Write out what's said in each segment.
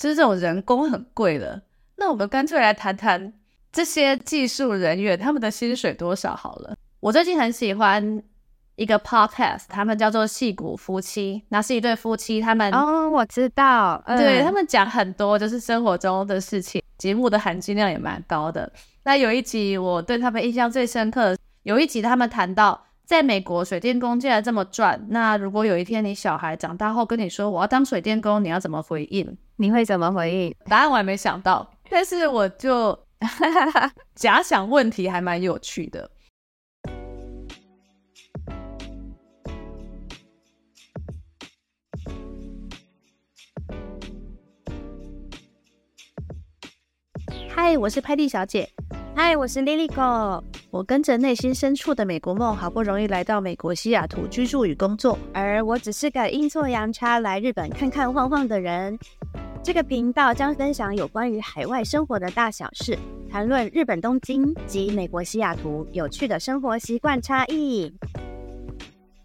其實這種人工很貴的。那我們乾脆來談談這些技術人員，他們的薪水多少好了？我最近很喜歡一個 podcast，他們叫做戲骨夫妻，那是一對夫妻，他們哦，我知道，對、嗯、他們講很多就是生活中的事情，節目的含金量也蠻高的。那有一集我對他們印象最深刻，有一集他們談到。在美國，水電工竟然這麼賺。那如果有一天你小孩長大後跟你說，我要當水電工，你要怎麼回應？你會怎麼回應？答案我還沒想到，但是我就哈哈哈假想，問題還蠻有趣的。嗨，我是佩蒂小姐。嗨，我是 l l i 莉莉哥。我跟着內心深處的美國夢，好不容易來到美國西雅圖居住與工作，而我只是個陰錯陽差來日本看看晃晃的人。這個頻道將分享有關於海外生活的大小事，談論日本東京及美國西雅圖有趣的生活習慣差異。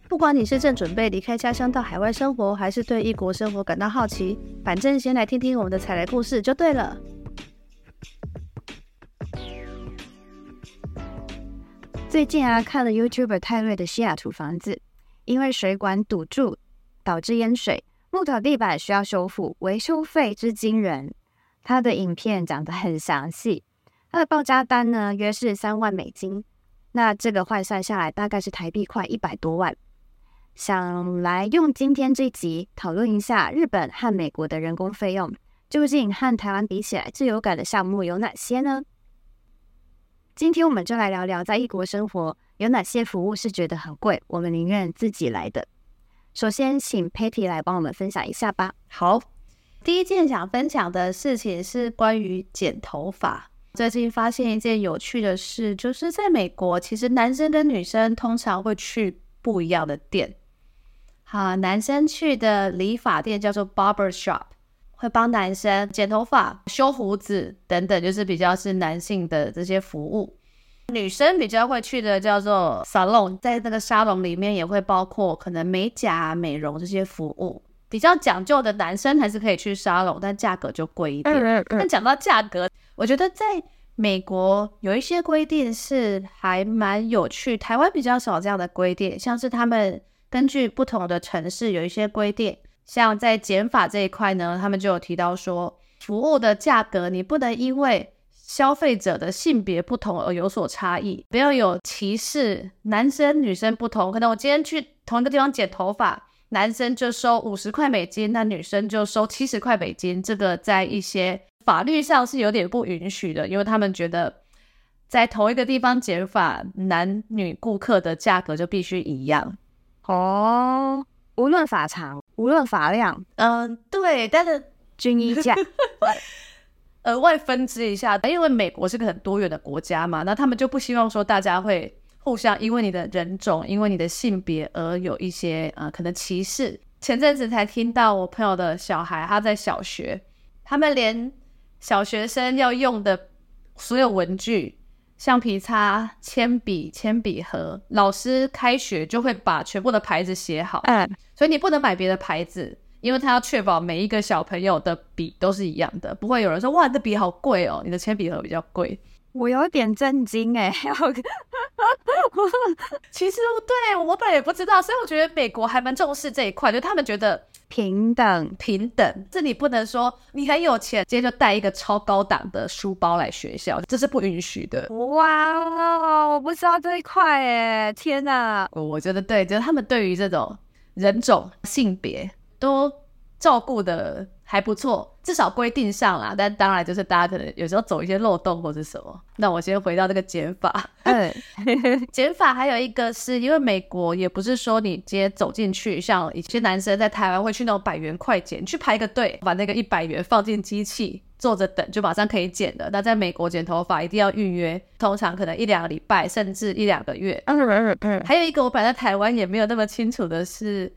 不管你是正準備離開家鄉到海外生活，還是對異國生活感到好奇，反正先來聽聽我們的踩雷故事就對了。最近啊，看了 YouTuber 泰瑞的西雅圖房子，因為水管堵住導致淹水，木頭地板需要修復，維修費之驚人。他的影片講得很詳細，他的報價單呢約是三萬美金，那這個換算下來大概是台幣快一百多萬。想來用今天這集討論一下日本和美國的人工費用究竟和台灣比起來最有感的項目有哪些呢？今天我們就來聊聊在異國生活有哪些服務是覺得很貴，我們寧願自己來的。首先，請 Patty 來幫我們分享一下吧。好，第一件想分享的事情是關於剪頭髮。最近發現一件有趣的事，就是在美國，其實男生跟女生通常會去不一樣的店。好，男生去的理髮店叫做 Barber Shop。會幫男生剪頭髮、修鬍子等等，就是比較是男性的這些服務。女生比較會去的叫做沙龍，在那個沙龍裡面也會包括可能美甲、美容這些服務。比較講究的男生還是可以去沙龍，但價格就貴一點。哎哎哎。但講到價格，我覺得在美國有一些規定是還蠻有趣，台灣比較少這樣的規定，像是他們根據不同的城市有一些規定。像在剪髮這一塊呢，他們就有提到說，服務的價格你不能因為消費者的性別不同而有所差異，不要有歧視，男生女生不同。可能我今天去同一個地方剪頭髮，男生就收五十塊美金，那女生就收七十塊美金，這個在一些法律上是有點不允許的，因為他們覺得在同一個地方剪髮，男女顧客的價格就必須一樣。哦。無論髮長，無論髮量。嗯、呃，對，但是均一價額、 呃、外分支一下，因為美國是個很多元的國家嘛，那他們就不希望說大家會互相，因為你的人種，因為你的性別而有一些、呃、可能歧視。前陣子才聽到我朋友的小孩他在小學，他們連小學生要用的所有文具。橡皮擦、鉛筆、鉛筆盒，老師開學就會把全部的牌子寫好。嗯，所以你不能買別的牌子，因為他要確保每一個小朋友的筆都是一樣的，不會有人說，哇，你的筆好貴哦，你的鉛筆盒比較貴。我有點震驚哎、欸， 其實對，我本來也不知道，所以我覺得美國還蠻重視這一塊，就是、他們覺得。平等平等，這你不能說你很有錢，今天就帶一個超高檔的書包來學校，這是不允許的。哇、哦，我不知道這一塊誒、天哪！啊，我覺得對，就是他們對於這種人種、性別都照顧的。還不錯，至少規定上啦。但當然就是大家可能有時候走一些漏洞或者什麼。那我先回到這個剪髮嗯，剪 髮還有一個是因為美國也不是說你直接走進去，像一些男生在台灣會去那種百元快剪，去排個隊，把那個一百元放進機器，坐着等就馬上可以剪的。那在美國剪頭髮一定要預約，通常可能一兩個禮拜甚至一兩個月。嗯。嗯嗯，還有一個我本來在台灣也沒有那麼清楚的是，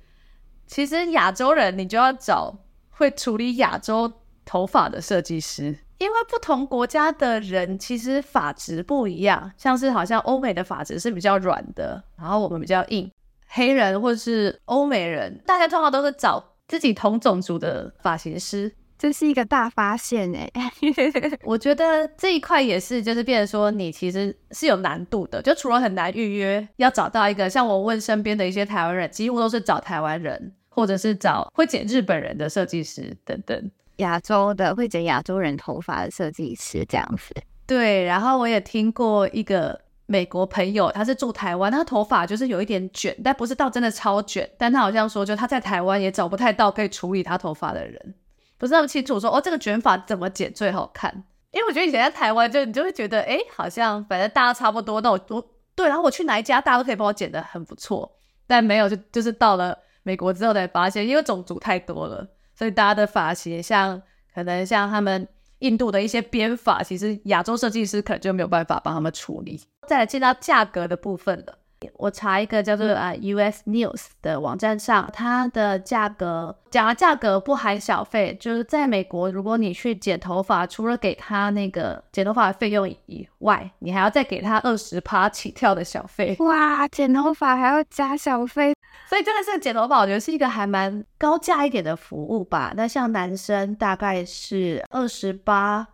其實亞洲人你就要找。會處理亞洲頭髮的設計師，因為不同國家的人其實髮質不一樣，像是好像歐美的髮質是比較軟的，然後我們比較硬。黑人或是歐美人，大家通常都是找自己同種族的髮型師，這是一個大發現哎。 我覺得這一塊也是，就是變成說你其實是有難度的，就除了很難預約，要找到一個像我問身邊的一些台灣人，幾乎都是找台灣人。或者是找會剪日本人的設計師等等，亞洲的會剪亞洲人頭髮的設計師這樣子。對，然後我也聽過一個美國朋友，他是住台灣，他頭髮就是有一點捲，但不是到真的超捲。但他好像說，就他在台灣也找不太到可以處理他頭髮的人，不是那麼清楚說哦，這個捲髮怎麼剪最好看？因為我覺得以前在台灣，就你就會覺得，哎、欸，好像反正大家差不多，那我我對，然後我去哪一家，大家都可以幫我剪得很不錯，但沒有就就是到了，美國之後才發現，因為種族太多了，所以大家的髮型像可能像他們印度的一些編髮，其實亞洲設計師可能就沒有辦法幫他們處理。再來進到價格的部分了， 我查一個叫做啊 US News 的網站上，它的價格講了價格不含小費，就是在美國如果你去剪頭髮，除了給他那個剪頭髮的費用以外，你還要再給他二十趴起跳的小費。哇，剪頭髮還要加小費！所以真的是剪頭髮，我覺得是一個還蠻高價一點的服務吧。那像男生大概是二十八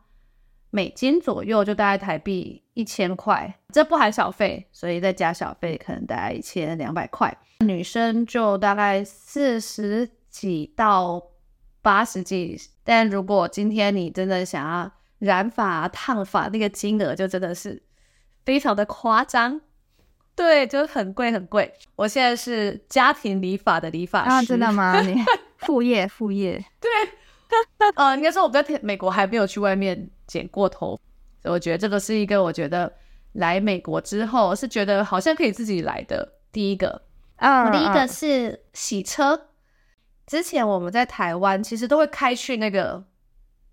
美金左右，就大概台幣一千塊，這不含小費，所以再加小費可能大概一千兩百塊。女生就大概四十幾到八十幾，但如果今天你真的想要染髮、燙髮，那個金額就真的是非常的誇張。對，就很貴很貴。我現在是家庭理髮的理髮師啊，真的嗎？你副業副業 對，哦、 呃，應該說我們在美國還沒有去外面剪過頭，所以我覺得這個是一個我覺得來美國之後是覺得好像可以自己來的第一個啊，第、uh, uh. 一個是洗車。之前我們在台灣其實都會開去那個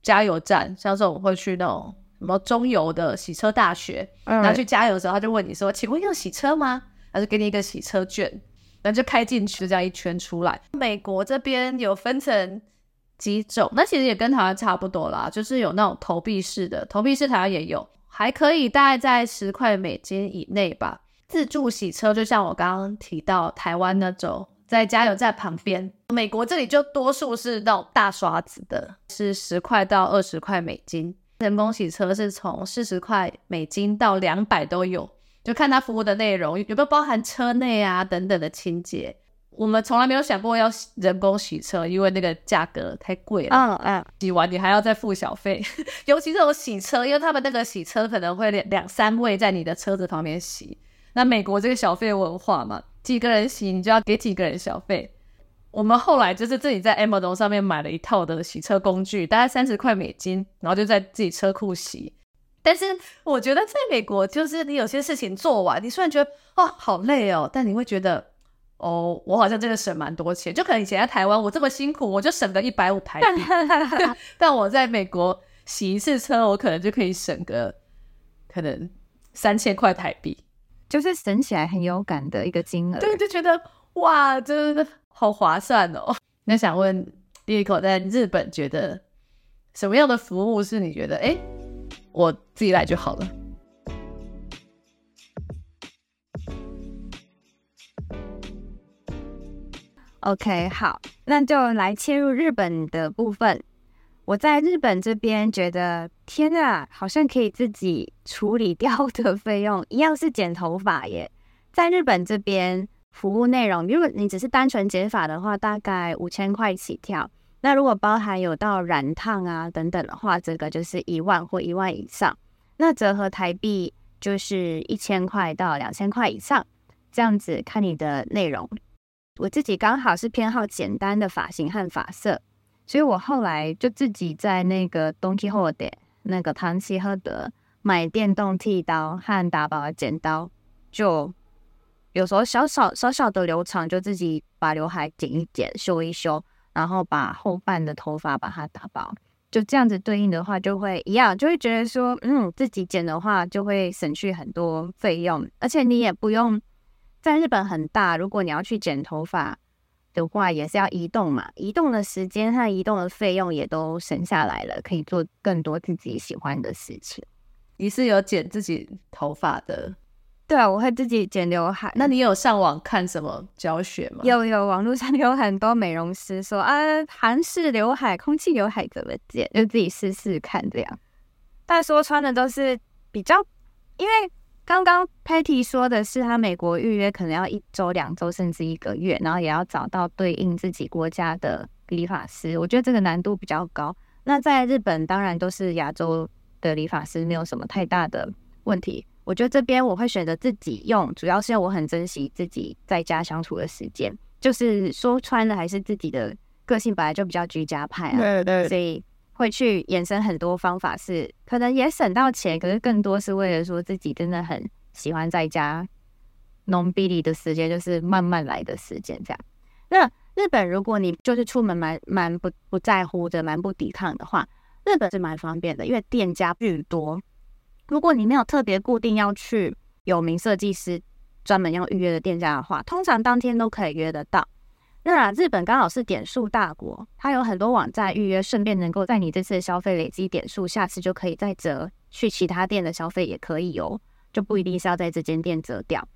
加油站，像是我們會去那種。什麼中油的洗車大學，嗯、然後去加油的時候，他就問你說：“請問要洗車嗎？”他就給你一個洗車券，然後就開進去，這樣一圈出來。美國這邊有分成幾種，那其實也跟台灣差不多啦，就是有那種投幣式的，投幣式台灣也有，還可以大概在十塊美金以內吧。自助洗車就像我剛剛提到台灣那種在加油站旁邊，嗯、美國這裡就多數是那種大刷子的，是十塊到二十塊美金。人工洗車是從四十塊美金到兩百都有，就看他服務的內容有沒有包含車內啊等等的清潔。我們從來沒有想過要人工洗車，因為那個價格太貴了。嗯嗯，洗完你還要再付小費， 尤其這種洗車，因為他們那個洗車可能會兩兩三位在你的車子旁邊洗。那美國這個小費文化嘛，幾個人洗你就要給幾個人小費。我們後來就是自己在 Amazon 上面買了一套的洗車工具，大概三十塊美金，然後就在自己車庫洗。但是我覺得在美國，就是你有些事情做完，你雖然覺得哦，好累哦，但你會覺得哦，我好像真的省蠻多錢。就可能以前在台灣，我這麼辛苦，我就省個一百五台幣， 但我在美國洗一次車，我可能就可以省個可能三千塊台幣，就是省起來很有感的一個金額。對，就覺得哇，真的。好划算哦！那想問，第一口在日本覺得什麼樣的服務是你覺得哎、欸，我自己來就好了？OK，好，那就來切入日本的部分。我在日本這邊覺得，天啊，好像可以自己處理掉的費用一樣是剪頭髮耶，在日本這邊。服務內容，如果你只是單純剪髮的話，大概五千塊起跳。那如果包含有到染燙啊等等的話，這個就是一萬或一萬以上。那折合台幣就是一千塊到兩千塊以上，這樣子看你的內容。我自己剛好是偏好簡單的髮型和髮色，所以我後來就自己在那個 Don Quixote 那個唐吉訶德買電動剃刀和打薄剪刀，就。有時候小小小小,小的留長，就自己把劉海剪一剪、修一修，然後把後半的頭髮把它打薄，就這樣子對應的話就會一樣，就會覺得說，嗯，自己剪的話就會省去很多費用，而且你也不用在日本很大，如果你要去剪頭髮的話，也是要移動嘛，移動的時間和移動的費用也都省下來了，可以做更多自己喜歡的事情。你是有剪自己頭髮的？對啊，我會自己剪劉海。那你有上網看什麼教學嗎？有有，網絡上有很多美容師說啊，韓式劉海、空氣劉海怎麼剪，就自己試試看這樣。但說穿的都是比較，因為剛剛 Patty 說的是，他美國預約可能要一周、兩周甚至一個月，然後也要找到對應自己國家的理髮師。我覺得這個難度比較高。那在日本當然都是亞洲的理髮師，沒有什麼太大的問題。我覺得這邊我會選擇自己用，主要是因為我很珍惜自己在家相處的時間，就是說穿了還是自己的個性本來就比較居家派啊，對，對對，所以會去衍生很多方法是，是可能也省到錢，可是更多是為了說自己真的很喜歡在家弄嗶哩的時間，就是慢慢來的時間這樣。那日本如果你就是出門蠻蠻不不在乎的蠻不抵抗的話，日本是蠻方便的，因為店家巨多。如果你沒有特別固定要去有名設計師專門要預約的店家的話，通常當天都可以約得到。那、啊、日本剛好是點數大國，它有很多網站預約，順便能夠在你這次的消費累積點數，下次就可以再折去其他店的消費也可以哦，就不一定是要在這間店折掉。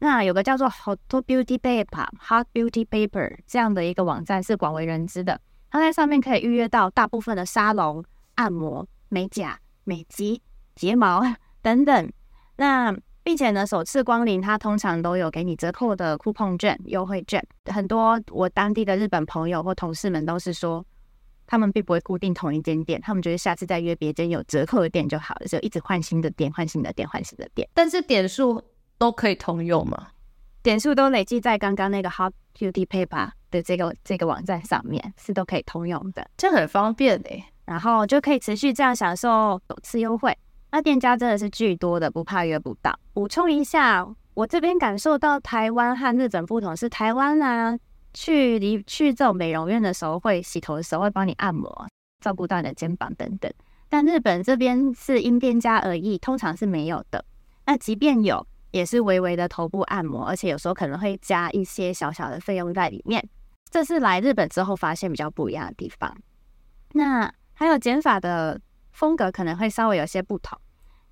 那、啊、有個叫做 Hot Beauty Paper Hot Beauty Paper 這樣的一個網站是廣為人知的，它在上面可以預約到大部分的沙龍、按摩、美甲、美肌。.睫毛等等，那並且呢，首次光臨他通常都有給你折扣的 coupon 券優惠券。很多我當地的日本朋友或同事們都是說，他們並不會固定同一間店，他們覺得下次再約別間有折扣的店就好，就一直換新的店，換新的店，換新的店，的店。但是點數都可以通用嗎？點數都累計在剛剛那個 Hot Beauty Paper 的這個這個網站上面，是都可以通用的，這很方便誒、欸，然後就可以持續這樣享受首次優惠。那店家真的是巨多的，不怕約不到。補充一下，我這邊感受到台灣和日本不同，是台灣啊，去離去這種美容院的時候，會洗頭的時候會幫你按摩，照顧到你的肩膀等等。但日本這邊是因店家而異，通常是沒有的。那即便有，也是微微的頭部按摩，而且有時候可能會加一些小小的費用在裡面。這是來日本之後發現比較不一樣的地方。那還有剪髮的風格可能會稍微有些不同，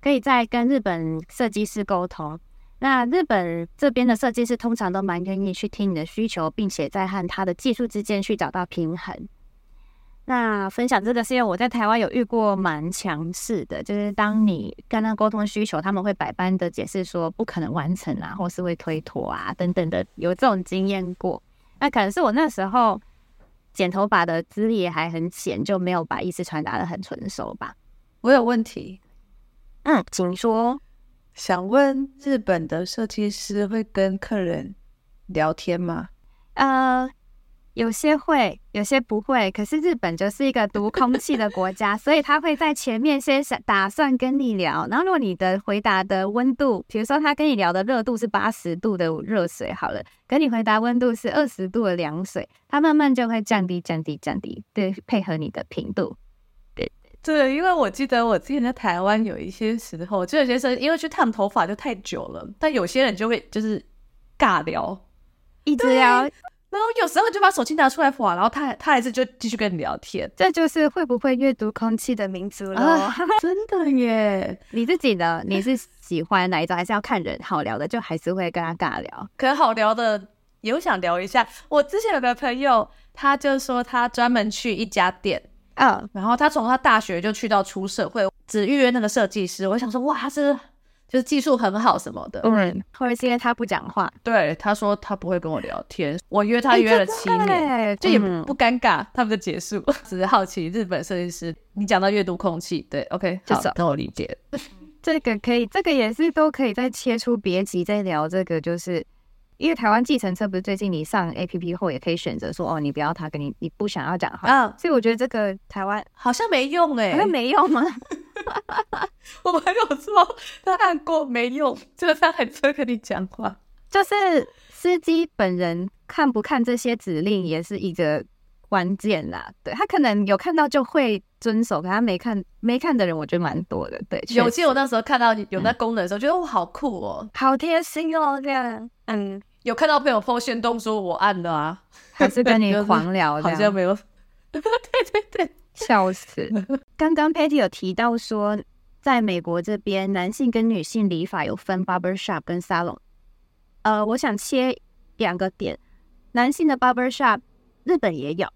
可以再跟日本設計師溝通。那日本這邊的設計師通常都蠻願意去聽你的需求，並且在和他的技術之間去找到平衡。那分享這個是因為我在台灣有遇過蠻強勢的，就是當你跟他溝通需求，他們會百般的解釋說不可能完成啊，或是會推脫啊等等的，有這種經驗過。那可能是我那時候。剪頭髮的資歷還很淺，就沒有把意思傳達得很純熟吧。我有問題，嗯，請說。想問日本的設計師會跟客人聊天嗎？呃。Uh, 有些會，有些不會。可是日本就是一個讀空氣的國家， 所以他會在前面先想打算跟你聊，然後如果你的回答的溫度，比如說他跟你聊的熱度是八十度的熱水，好了，跟你回答溫度是二十度的涼水，他慢慢就會降低、降低、降低，對，配合你的頻度。對對，因為我記得我之前在台灣有一些時候，就有些時候因為去燙頭髮就太久了，但有些人就會就是尬聊，一直聊。然後有時候就把手機拿出來劃，然後他他還是就繼續跟你聊天，這就是會不會閱讀空氣的民族了？啊。真的耶， 你自己呢？你是喜歡哪一種， 還是要看人好聊的，就還是會跟他尬聊？可好聊的，有想聊一下。我之前有個朋友，他就說他專門去一家店啊，oh. 然後他從他大學就去到出社會，只預約那個設計師。我想說，哇，他是。就是技術很好什麼的，嗯，或者是因為他不講話。對，他說他不會跟我聊天。 我約他約了七年，這、欸、也不尷尬，嗯、他們就結束。只是好奇日本設計師，你講到閱讀空氣，對，OK，就少好，那我理解。這個可以，這個也是都可以再切出，別集，再聊這個，就是因為台灣計程車不是最近你上 APP 後也可以選擇說哦，你不要他跟你，你不想要講話。嗯、啊，所以我覺得這個台灣好像沒用誒，好像沒用嗎？ 我沒有說，他按過沒用，就是他還在跟你講話。就是司機本人看不看這些指令也是一個關鍵啦。對，他可能有看到就會遵守，可他沒看沒看的人，我覺得蠻多的。對，尤其我那時候看到有那功能的時候，嗯、我覺得我好酷哦、喔，好貼心哦、喔，這樣。嗯，有看到朋友 PO 限動說我按的啊，還是跟你狂聊， 好像沒有。 對，對對對，。 笑死！剛剛 Patty 有提到說，在美國這邊，男性跟女性理髮有分 barber shop 跟 salon。呃，我想切兩個點，男性的 barber shop 日本也有，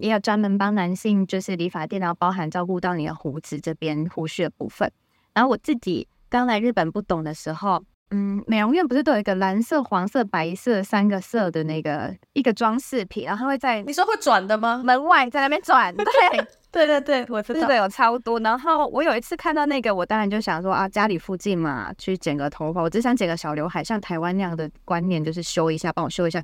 也有專門幫男性就是理髮店，然後包含照顧到你的鬍子這邊鬍鬚的部分。然後我自己剛來日本不懂的時候，嗯，美容院不是都有一個藍色、黃色、白色三個色的那個一個裝飾品，然後它會在你說會轉的嗎？門外在那邊轉，對。 對對對，我知道對對有超多。然後我有一次看到那個，我當然就想說啊，家裡附近嘛，去剪個頭髮。我只想剪個小劉海，像台灣那樣的觀念，就是修一下，幫我修一下，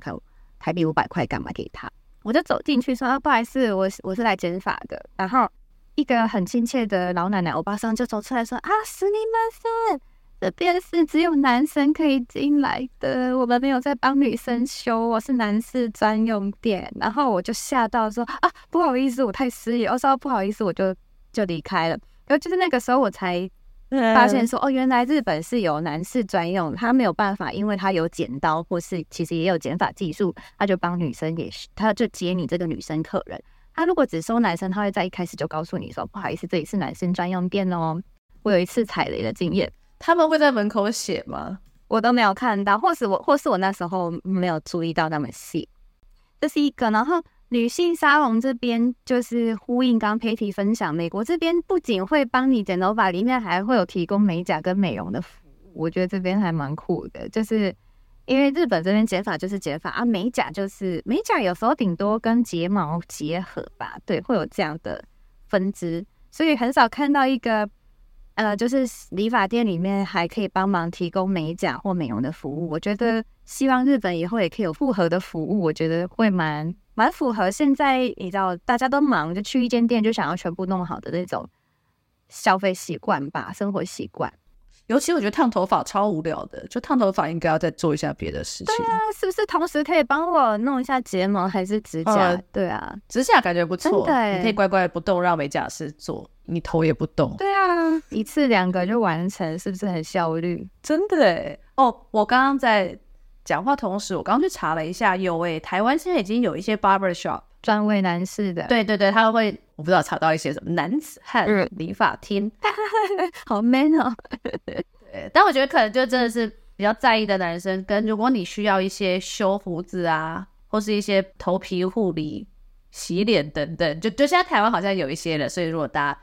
台幣五百塊幹嘛給他？我就走進去說啊，不好意思，我我是來剪髮的。然後一個很親切的老奶奶，歐巴桑就走出來說啊，是你媽。是。這邊是只有男生可以進來的，我們沒有在幫女生修、哦，我是男士專用店。然後我就嚇到說啊，不好意思，我太失禮，我、哦、說不好意思，我就就離開了。然後就是那個時候我才發現說，嗯、哦，原來日本是有男士專用，他沒有辦法，因為他有剪刀，或是其實也有剪髮技術，他就幫女生也，他就接你這個女生客人。他如果只收男生，他會在一開始就告訴你說，不好意思，這裡是男生專用店哦。我有一次踩雷的經驗。他們會在門口寫嗎？我都沒有看到，或是我或是我那時候沒有注意到他們寫。這是一個，然後女性沙龍這邊就是呼應剛 Patty 分享，美國這邊不僅會幫你剪頭髮，裡面還會有提供美甲跟美容的服務。我覺得這邊還蠻酷的，就是因為日本這邊剪髮就是剪髮啊，美甲就是美甲，有時候頂多跟睫毛結合吧，對，會有這樣的分支，所以很少看到一個。呃，就是理髮店裡面還可以幫忙提供美甲或美容的服務。我覺得希望日本以後也可以有複合的服務，我覺得會蠻蠻符合，現在你知道大家都忙，就去一間店就想要全部弄好的那種消費習慣吧，生活習慣。尤其我覺得燙頭髮超無聊的，就燙頭髮應該要再做一下別的事情。對啊，是不是同時可以幫我弄一下睫毛還是指甲？哦、啊對啊，指甲感覺不錯，對，你可以乖乖不動，讓美甲師做。你頭也不動，對啊， 一次兩個就完成，是不是很效率？真的哦、欸，oh, 我剛剛在講話同時，我剛剛去查了一下，有哎、欸，台灣現在已經有一些 barbershop 專為男士的，對對對，他們會，我不知道查到一些什麼男子漢理髮廳，嗯、 好 man 哦、喔， 對，但我覺得可能就真的是比較在意的男生，跟如果你需要一些修鬍子啊，或是一些頭皮護理、洗臉等等，就就現在台灣好像有一些了，所以如果大家。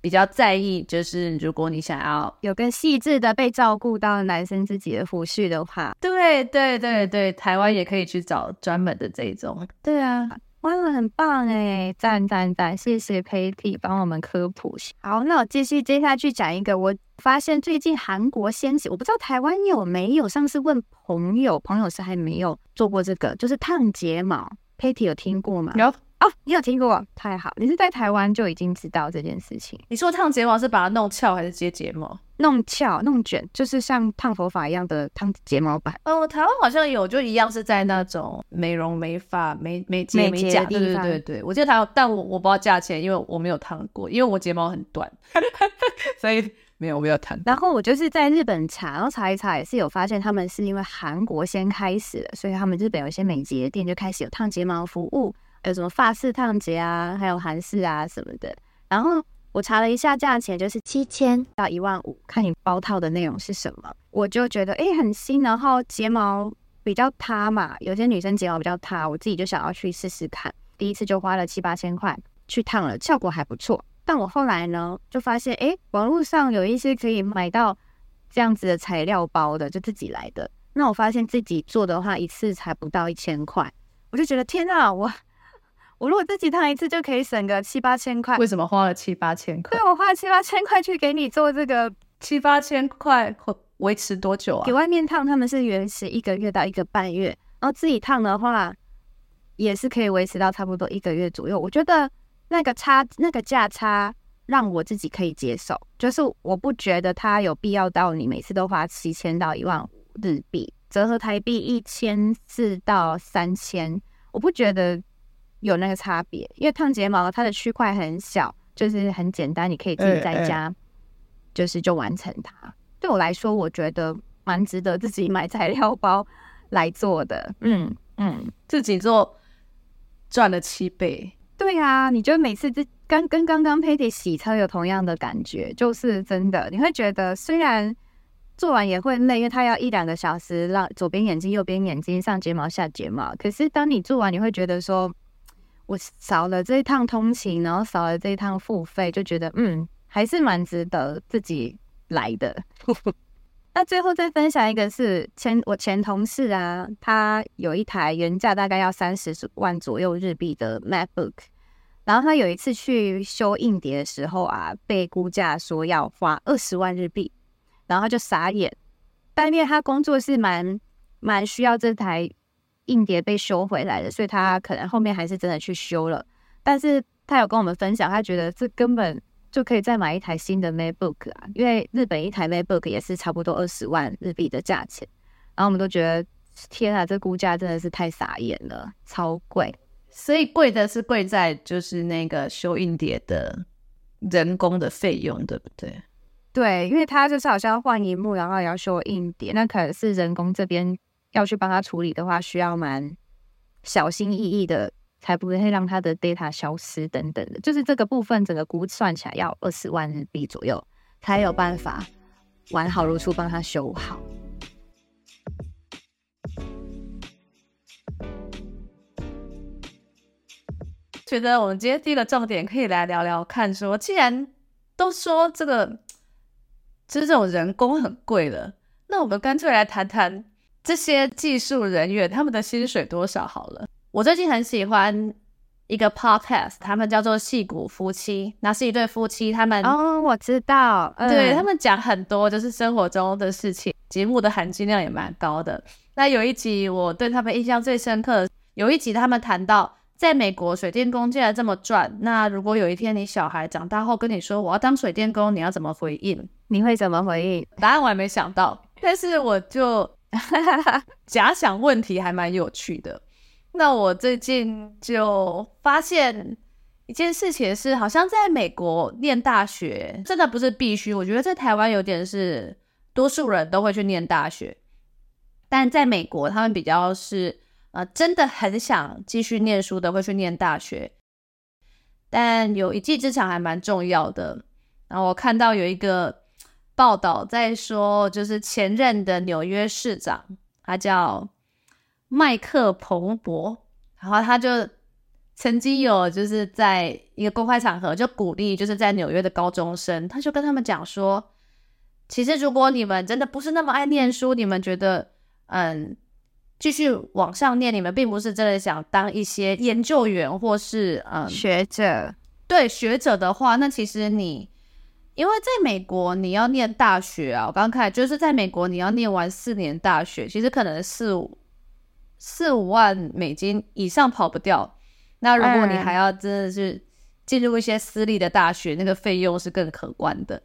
比較在意就是，如果你想要有更細緻的被照顧到的男生自己的鬍鬚的話，對對對對，台灣也可以去找專門的這一種。對啊，哇，很棒哎，讚讚讚，謝謝佩蒂幫我們科普。好，那我繼續接下去講一個，我發現最近韓國掀起，我不知道台灣有沒有，上次問朋友，朋友是還沒有做過這個，就是燙睫毛，佩蒂有聽過嗎？有。 哦，你有聽過？太好，你是在台灣就已經知道這件事情。你說燙睫毛是把它弄翹還是接睫毛？弄翹、弄捲，就是像燙頭髮一樣的燙睫毛版。哦，台灣好像有，就一樣是在那種美容美髮、美美美甲店的地方。對對對對，我記得有，但我我不知道價錢，因為我沒有燙過，因為我睫毛很短， 所以沒有，我沒有燙。然後我就是在日本查，然後查一查也是有發現，他們是因為韓國先開始的，所以他們日本有一些美睫店就開始有燙睫毛服務。有什麼法式燙睫啊，還有韓式啊什麼的。然後我查了一下價錢，就是七千到一萬五，看你包套的內容是什麼。我就覺得哎、欸、很新，然後睫毛比較塌嘛，有些女生睫毛比較塌，我自己就想要去試試看。第一次就花了七八千塊去燙了，效果還不錯。但我後來呢，就發現哎、欸，網絡上有一些可以買到這樣子的材料包的，就自己來的。那我發現自己做的話一次才不到一千塊，我就覺得天啊，我。我如果自己燙一次就可以省個七八千塊，為什麼花了七八千塊？對，我花了七八千塊去給你做這個，七八千塊維持多久啊？給外面燙他們是維持一個月到一個半月，然後自己燙的話也是可以維持到差不多一個月左右。我覺得那個差那個價差讓我自己可以接受，就是我不覺得它有必要到你每次都花七千到一萬日幣，折合台幣一千四到三千，我不覺得。有那個差別，因為燙睫毛它的區塊很小，就是很簡單，你可以自己在家，欸欸就是就完成它。對我來說，我覺得蠻值得自己買材料包來做的。嗯嗯，自己做賺了七倍。對啊，你覺得每次這剛跟剛剛 Patty 洗車有同樣的感覺，就是真的，你會覺得雖然做完也會累，因為它要一兩個小時，讓左邊眼睛、右邊眼睛上睫毛、下睫毛，可是當你做完，你會覺得說。我少了這一趟通勤，然後少了這一趟付費，就覺得嗯，還是蠻值得自己來的。 那最後再分享一個是，是前我前同事啊，他有一台原價大概要三十萬左右日幣的 MacBook，然後他有一次去修硬碟的時候啊，被估價說要花二十萬日幣，然後他就傻眼，但因為他工作是蠻蠻需要這台。硬碟被修回來了，所以他可能後面還是真的去修了。但是他有跟我們分享，他覺得這根本就可以再買一台新的 MacBook 啊，因為日本一台 MacBook 也是差不多二十萬日幣的價錢。然後我們都覺得天啊，這估價真的是太傻眼了，超貴。所以貴的是貴在就是那個修硬碟的人工的費用，對不對？對，因為他就是好像要換螢幕，然後也要修硬碟，那可能是人工這邊。要去幫他處理的話，需要蠻小心翼翼的，才不會讓他的 data 消失等等的。就是這個部分，整個估算起來要二十萬日幣左右，才有辦法完好如初幫他修好。覺得我們今天第一個重點可以來聊聊看說，說既然都說這個就是這種人工很貴了，那我們乾脆來談談。這些技術人員他們的薪水多少？好了，我最近很喜歡一個 Podcast，他們叫做“矽谷夫妻”，那是一對夫妻。他們哦，我知道，嗯，對他們講很多就是生活中的事情，節目的含金量也蠻高的。那有一集我對他們印象最深刻，有一集他們談到在美國水電工竟然這麼賺。那如果有一天你小孩長大後跟你說，我要當水電工，你要怎麼回應？你會怎麼回應？答案我還沒想到，但是我就。 假想問題還蠻有趣的。那我最近就發現一件事情是，好像在美國念大學，真的不是必須。我覺得在台灣有點是多數人都會去念大學，但在美國他們比較是，呃，真的很想繼續念書的會去念大學，但有一技之長還蠻重要的。然後我看到有一個。報道在說，就是前任的紐約市長，他叫麥克彭博，然後他就曾經有，就是在一個公開場合，就鼓勵，就是在紐約的高中生，他就跟他們講說，其實如果你們真的不是那麼愛念書，你們覺得，嗯，繼續往上念，你們並不是真的想當一些研究員或是嗯學者，對，學者的話，那其實你。因為在美國，你要念大學啊，我剛看就是在美國，你要念完四年大學，其實可能四五四五萬美金以上跑不掉。那如果你還要真的是進入一些私立的大學，嗯、那個費用是更可觀的。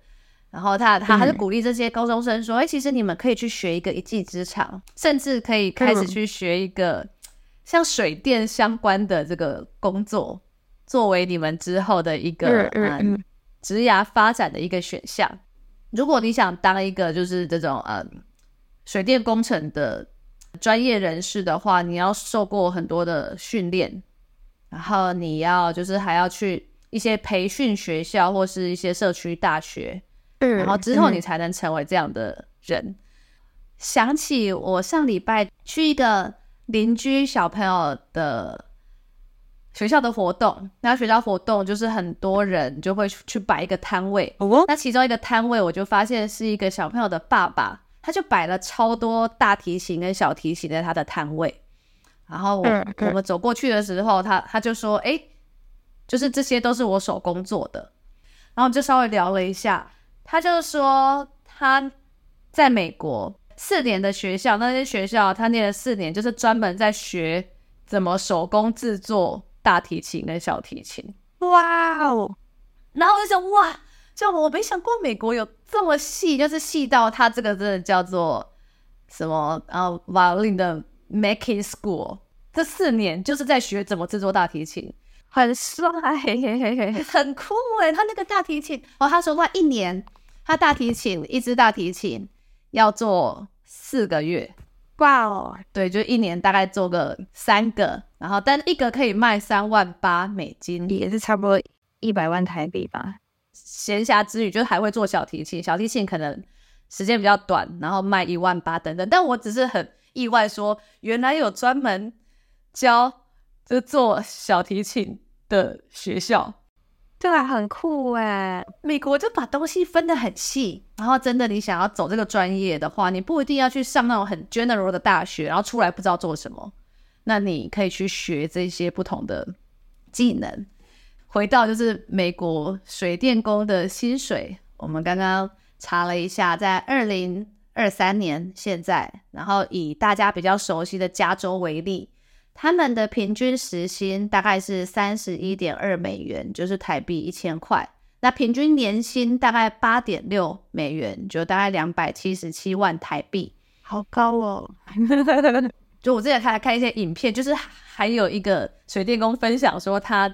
然後他他還是鼓勵這些高中生說，哎、嗯欸，其實你們可以去學一個一技之長，甚至可以開始去學一個像水電相關的這個工作，作為你們之後的一個嗯嗯。嗯職涯發展的一個選項。如果你想當一個就是這種嗯水電工程的專業人士的話，你要受過很多的訓練，然後你要就是還要去一些培訓學校或是一些社區大學，嗯對，然後之後你才能成為這樣的人。嗯，想起我上禮拜去一個鄰居小朋友的。學校的活動，那學校活動就是很多人就會去擺一個攤位。嗯、那其中一個攤位，我就發現是一個小朋友的爸爸，他就擺了超多大提琴跟小提琴在他的攤位。然後我，嗯、我們走過去的時候，他他就說：“哎、欸，就是這些都是我手工做的。”然後我們就稍微聊了一下，他就說他在美國四年的學校，那些學校他念了四年，就是專門在學怎麼手工制作。大提琴跟小提琴，哇哦！然後我就想，哇，就我沒想過美國有這麼細，就是細到他這個真的叫做什麼啊，violin 的 making school，這四年就是在學怎麼制作大提琴，很帥，很酷哎！他那個大提琴，哦，他說他一年，他大提琴一支大提琴要做四個月。哇，Wow 對，就一年大概做個三個，然後但一個可以賣三萬八美金，也是差不多一百萬台幣吧。閒暇之餘，就是還會做小提琴，小提琴可能時間比較短，然後賣一萬八等等。但我只是很意外說，說原來有專門教這做小提琴的學校。這很酷誒！美國就把東西分得很細，然後真的你想要走這個專業的話，你不一定要去上那種很 general 的大學，然後出來不知道做什麼，那你可以去學這些不同的技能。回到就是美國水電工的薪水，我們剛剛查了一下，在二零二三年現在，然後以大家比較熟悉的加州為例。他們的平均時薪大概是三十一點二美元，就是台幣一千塊。那平均年薪大概八點六美元，就大概兩百七十七萬台幣，好高哦！ 就我之前看看一些影片，就是還有一個水電工分享說，他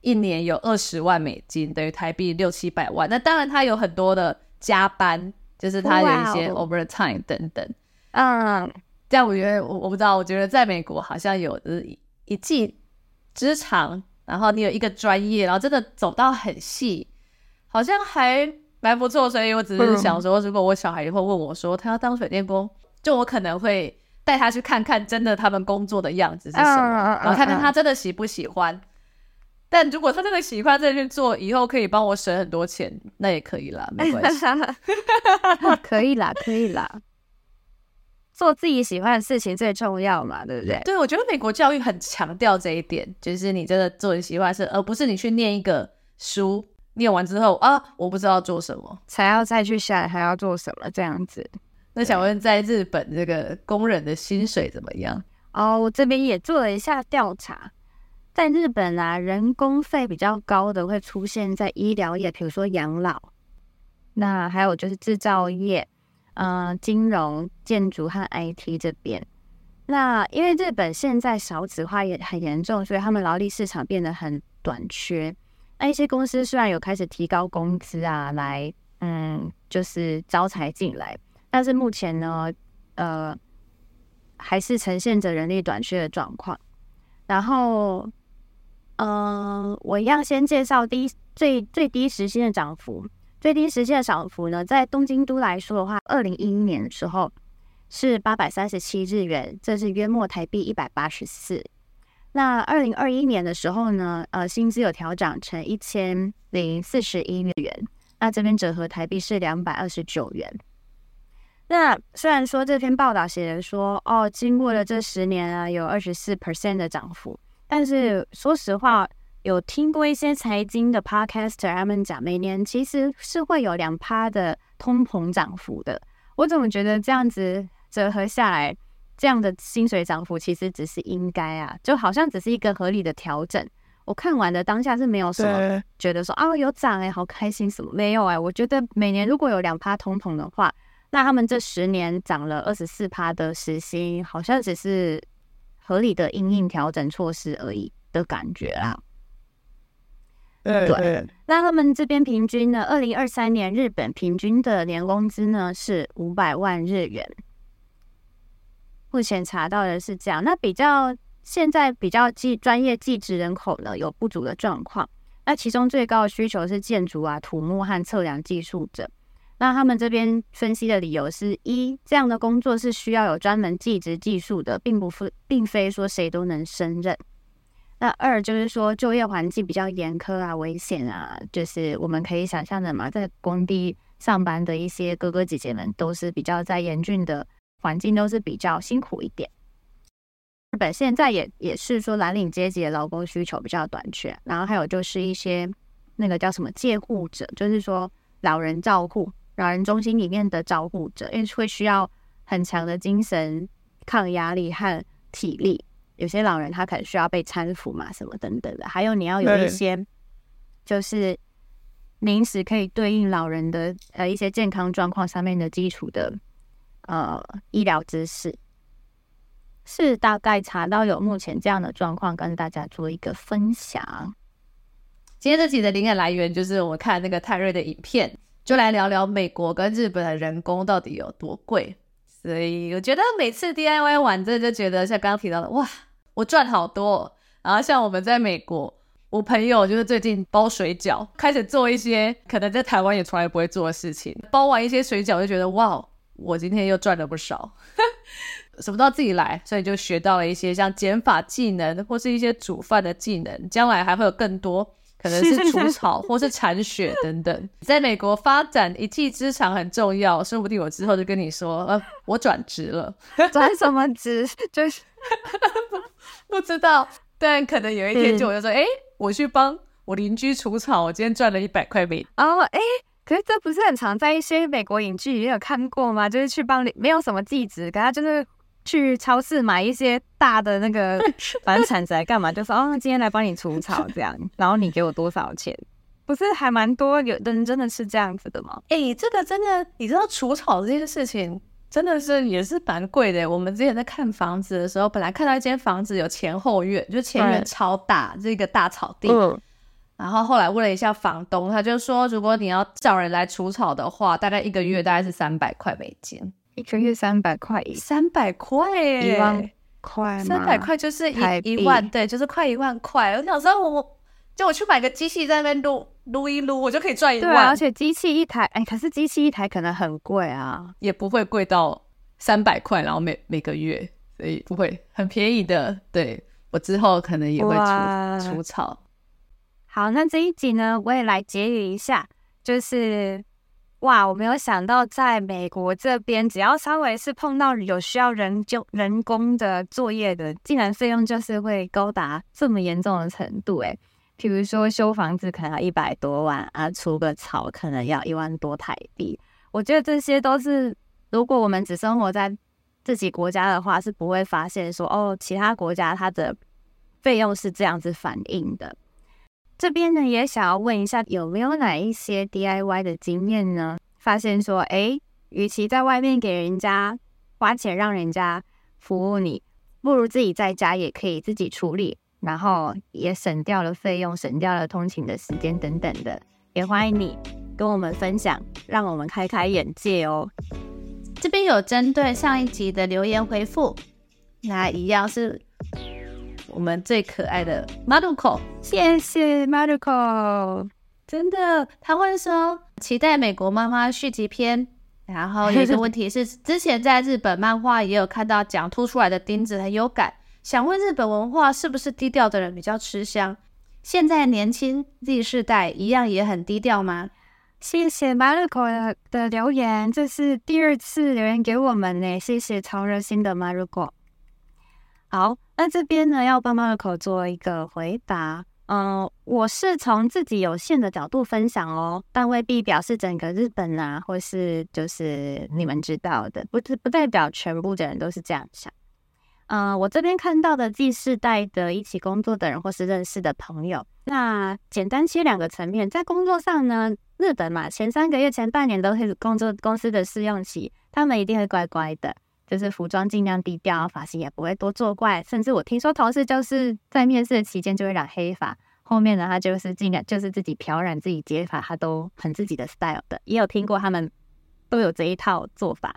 一年有二十萬美金對，等於台幣六七百萬。那當然他有很多的加班，就是他有一些 overtime 等等。嗯、wow。Um. 但我覺得，我我不知道。我覺得在美國好像有一技之長，然後你有一個專業，然後真的走到很細，好像還蠻不錯。所以我只是想說，如果我小孩以後問我說他要當水電工，就我可能會帶他去看看，真的他們工作的樣子是什麼，然後看看他真的喜不喜歡。啊啊啊啊，但如果他真的喜歡，這邊做，以後可以幫我省很多錢，那也可以啦，沒關係， 可以啦，可以啦。做自己喜歡的事情最重要嘛，對不對？對，我覺得美國教育很強調這一點，就是你真的做你喜歡的事，而不是你去念一個書，念完之後啊，我不知道做什麼，才要再去下來還要做什麼這樣子。那想問，在日本這個工人的薪水怎麼樣？哦，oh, 我這邊也做了一下調查，在日本啊，人工費比較高的會出現在醫療業，比如說養老，那還有就是製造業。嗯、呃，金融、建築和 IT 這邊，那因為日本現在少子化也很嚴重，所以他們勞力市場變得很短缺。那一些公司雖然有開始提高工資啊，來嗯，就是招才進來，但是目前呢，呃，還是呈現着人力短缺的狀況。然後，嗯、呃，我一樣先介紹低最最低時薪的漲幅。最低時薪的漲幅呢，在東京都來說的話，二零一一年的時候是八百三十七日元，這是約莫台幣一百八十四。那二零二一年的時候呢，呃，薪資有調整成一千零四十一日元，那這邊折合台幣是兩百二十九元。那雖然說這篇報道寫的說，哦，經過了這十年啊，有二十四 percent 的漲幅，但是說實話，有聽過一些財經的 podcast，他們講每年其實是會有兩趴的通膨漲幅的。我怎麼覺得這樣子折合下來，這樣的薪水漲幅其實只是應該啊，就好像只是一個合理的調整。我看完的當下是沒有什麼覺得說啊有漲哎，好開心什麼沒有哎、欸。我覺得每年如果有兩趴通膨的話，那他們這十年漲了二十四趴的時薪，好像只是合理的因應調整措施而已的感覺啊。對，對那他們這邊平均呢，二零二三年日本平均的年工資呢是五百萬日元，目前查到的是這樣，那比較現在比較技專業技職人口呢有不足的狀況，那其中最高的需求是建築啊、土木和測量技術者，那他們這邊分析的理由是一，這樣的工作是需要有專門技職技術的，並不是並非說誰都能勝任。那二就是說，就業環境比較嚴苛啊，危險啊，就是我們可以想象的嘛，在工地上班的一些哥哥姐姐們，都是比較在嚴峻的環境，都是比較辛苦一點。日本現在也也是說，藍領階級的勞工需求比較短缺，然後還有就是一些那個叫什麼介護者，就是說老人照顧、老人中心裡面的照顧者，因為會需要很強的精神抗壓力和體力。有些老人他可能需要被攙扶嘛，什麼等等的。還有你要有一些，就是臨時可以對應老人的呃一些健康狀況上面的基礎的呃醫療知識，是大概查到有目前這樣的狀況，跟大家做一個分享。今天這集的靈感來源就是我看那個泰瑞的影片，就來聊聊美國跟日本的人工到底有多貴。所以我覺得每次 DIY 完真的就覺得像剛剛提到的，哇！我賺好多，然後像我們在美國，我朋友就是最近包水餃，開始做一些可能在台灣也從來不會做的事情。包完一些水餃我就覺得哇，我今天又賺了不少， 什麼都要自己來，所以就學到了一些像剪髮技能或是一些煮飯的技能，將來還會有更多。可能是除草或是鏟雪等等，在美國發展一技之長很重要。說不定我之後就跟你說，呃，我轉職了，轉什麼職？ 就是 不知道，但可能有一天就我就說，哎、嗯欸，我去幫我鄰居除草，我今天賺了一百塊美。哦，哎、欸，可是這不是很常在一些美國影劇裡面有看過嗎？就是去幫你沒有什麼技職，可是他就是。去超市買一些大的那個反正鏟子來幹嘛？ 就說、是、哦，今天來幫你除草這樣， 然後你給我多少錢？不是還蠻多有，有的人真的是這樣子的嗎？哎、欸，這個真的，你知道除草這件事情真的是也是蠻貴的。我們之前在看房子的時候，本來看到一間房子有前後院，就前院超大，這 Right. 個大草地。嗯。然後後來問了一下房東，他就說，如果你要找人來除草的話，大概一個月大概是三百塊美金。一個月三百塊，三百塊，一萬塊，三百塊就是一幣一萬，對，就是快一萬塊。我想說我，我就我去買個機器在那邊擼擼一擼，我就可以賺一萬。對啊、而且機器一台，哎、欸，可是機器一台可能很貴啊，也不會貴到三百塊，然後每每個月，所以不會很便宜的。對，我之後可能也會除哇除草。好，那這一集呢，我也來結語一下，就是。哇，我沒有想到，在美國這邊，只要稍微是碰到有需要人就人工的作業的，竟然費用就是會高達這麼嚴重的程度誒。譬如說修房子可能要一百多萬，啊，除個草可能要一萬多台幣。我覺得這些都是，如果我們只生活在自己國家的話，是不會發現說哦，其他國家它的費用是這樣子反映的。這邊呢，也想要問一下，有沒有哪一些 DIY 的經驗呢？發現說，誒、欸，與其在外面給人家花錢讓人家服務你，不如自己在家也可以自己處理，然後也省掉了費用，省掉了通勤的時間等等的，也歡迎你跟我們分享，讓我們開開眼界哦。這邊有針對上一集的留言回復，那一樣是。我們最可愛的 Maruko 謝謝、yes, Maruko 真的，他會說期待《美國媽媽》續集篇。然後有一個問題是， 之前在日本漫畫也有看到講凸出來的釘子很有感，想問日本文化是不是低調的人比較吃香？現在年輕 Z 世代一樣也很低調嗎？謝謝 Maruko 的留言，這是第二次留言給我們呢，謝謝超熱心的 Maruko 好，那這邊呢，要幫 Marco 做一個回答。嗯、呃，我是從自己有限的角度分享哦，但未必表示整個日本啊，或是就是你們知道的，不是不代表全部的人都是這樣想。嗯、呃，我這邊看到的既是代的一起工作的人，或是認識的朋友，那簡單其實兩個層面，在工作上呢，日本嘛，前三個月前半年都是工作公司的試用期，他們一定會乖乖的。就是服裝盡量低調，髮型也不會多作怪。甚至我聽說同事就是在面試的期間就會染黑髮，後面呢他就是盡量就是自己漂染、自己剪髮，他都很自己的 style 的。也有聽過他們都有這一套做法。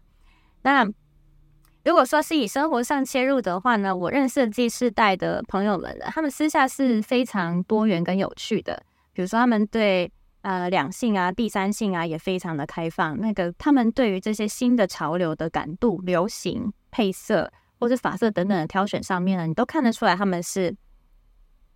那如果說是以生活上切入的話呢，我認識 Z 世代的朋友們了，他們私下是非常多元跟有趣的。比如說他們對。呃，兩性啊，第三性啊，也非常的開放。那個他們對於這些新的潮流的感度、流行配色或者髮色等等的挑選上面呢，你都看得出來，他們是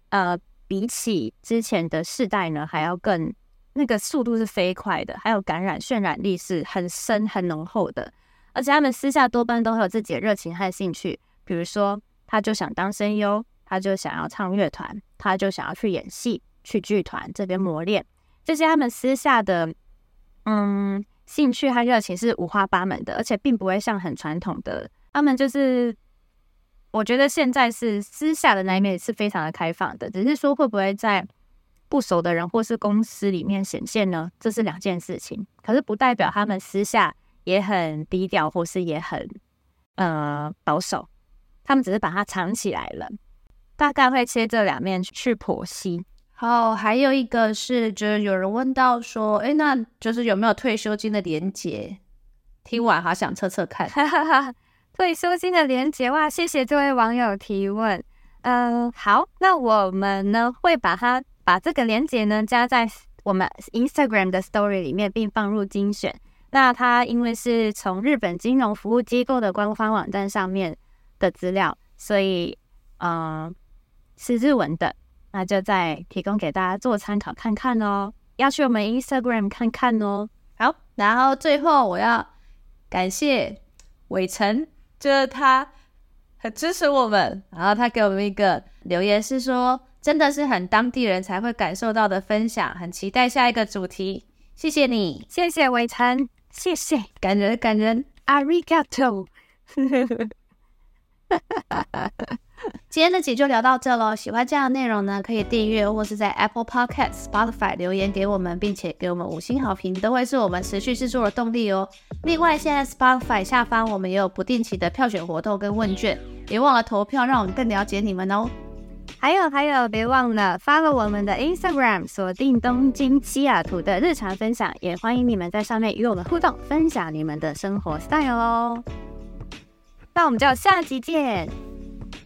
呃，比起之前的世代呢，還要更那個速度是飛快的，還有感染渲染力是很深很濃厚的。而且他們私下多半都會有自己的熱情和興趣，比如說，他就想當聲優，他就想要唱樂團，他就想要去演戲，去劇團這邊磨練。這些他們私下的，嗯，興趣和熱情是五花八門的，而且並不會像很傳統的。他們就是，我覺得現在是私下的那一面是非常的開放的，只是說會不會在不熟的人或是公司裡面顯現呢？這是兩件事情。可是不代表他們私下也很低調或是也很，呃，保守，他們只是把它藏起來了。大概會切這兩面去剖析。好、哦，還有一個是，就是有人問到說，哎、欸，那就是有沒有退休金的鏈接？聽完好想測測看， 退休金的鏈接哇，謝謝這位網友提問。嗯、呃，好，那我們呢會把它把這個鏈接呢加在我們 Instagram 的 Story 裡面，並放入精選。那它因為是從日本金融服務機構的官方網站上面的資料，所以嗯、呃、是日文的。那就再提供給大家做參考看看哦、喔，要去我們 Instagram 看看哦、喔。好，然後最後我要感謝偉成，就是他很支持我們，然後他給我們一個留言是說，真的是很當地人才會感受到的分享，很期待下一個主題。謝謝你，謝謝偉成，謝謝，感人感人，arigato 今天的集就聊到這嘍，喜歡這樣的內容呢，可以訂閱或是在 Apple Podcast、Spotify 留言給我們，並且給我們五星好評，都會是我們持續製作的動力哦。另外，現在 Spotify 下方我們也有不定期的票選活動跟問卷，別忘了投票，讓我們更了解你們哦。還有還有，別忘了 follow 我們的 Instagram，鎖定東京西雅圖的日常分享，也歡迎你們在上面與我們互動，分享你們的生活 style 哦。那我們就下集見。